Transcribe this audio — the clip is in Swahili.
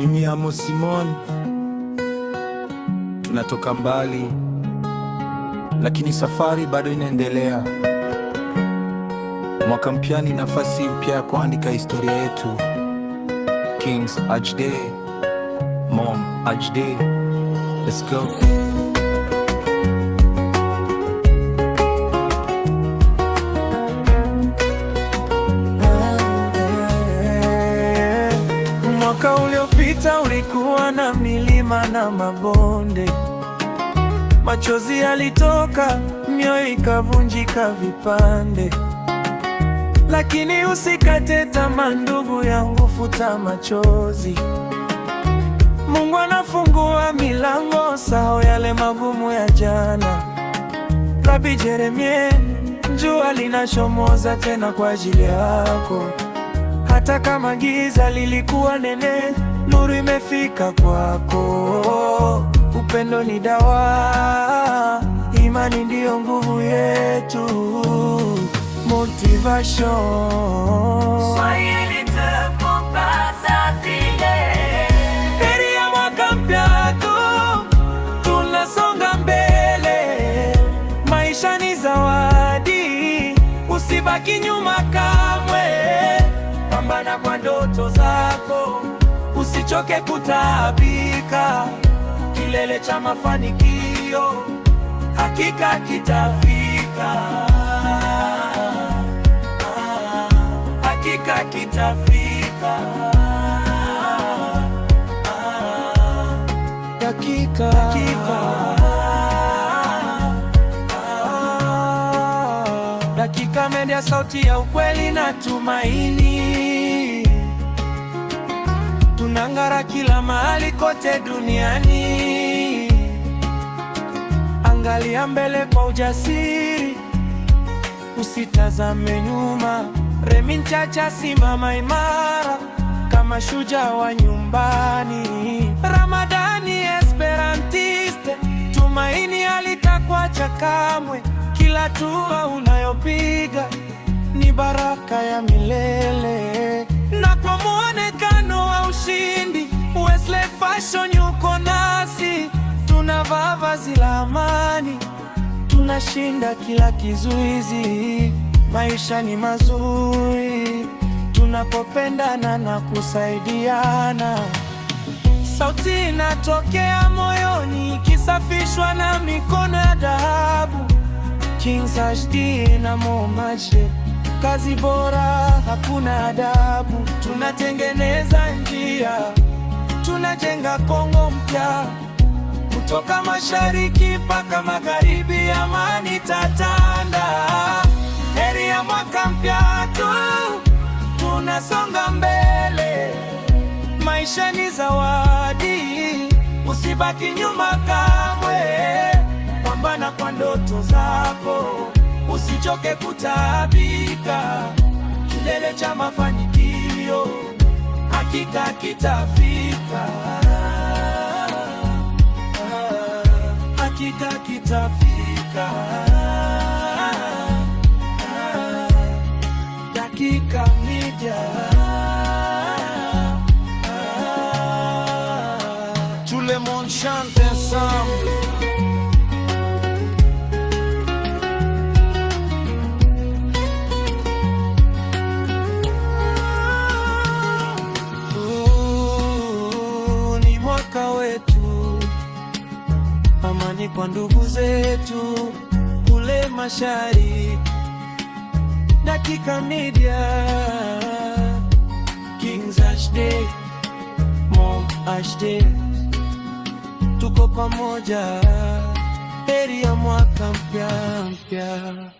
Mimi Amo Simon tunatoka mbali, lakini safari bado inaendelea. Mwaka mpya ni nafasi mpya ya kuandika historia yetu. Kings HD, Mom HD, let's go. Mwaka ule Vita ulikuwa na milima na mabonde, machozi yalitoka, mioyo ikavunjika vipande, lakini usikate tamaa, ndugu yangu, futa machozi. Mungu anafungua milango, sao yale magumu ya jana. Rabi Jeremie, jua linachomoza tena kwa ajili yako, hata kama giza lilikuwa nene nuru imefika kwako. Upendo ni dawa, imani ndiyo nguvu yetu. Motivation Swahili heri ya mwaka mpya, tunasonga mbele. Maisha ni zawadi, usibaki nyuma kamwe, pambana kwa ndoto zako. Usichoke kutabika kilele cha mafanikio hakika kitafika, hakika kitafika, hakika dakika mende ya sauti ya ukweli na tumaini unang'ara kila mahali kote duniani. Angalia mbele kwa ujasiri, usitazame nyuma. Remi Chacha, simama imara kama shujaa wa nyumbani. Ramadani Esperantiste, tumaini halitakuacha kamwe. Kila hatua unayopiga ni baraka ya milele na kwa tunavaa vazi la amani, tunashinda kila kizuizi. Maisha ni mazuri tunapopendana na kusaidiana. Sauti inatokea moyoni ikisafishwa na mikono ya dhahabu. Kings HD na Momache, kazi bora, hakuna adabu. Tunatengeneza njia, tunajenga Kongo mpya toka mashariki mpaka magharibi, amani tatanda. Heri ya mwaka mpya tu, tunasonga mbele. Maisha ni zawadi, usibaki nyuma kamwe. Pambana kwa ndoto zako, usichoke kutabika Kilele cha mafanikio hakika kitafika. hakika kitafika, dakika mija tout le monde ensemble amani kwa ndugu zetu kule mashari. Dakika Media, Kings HD, Mom HD, tuko pamoja, heri ya mwaka mpya mpya.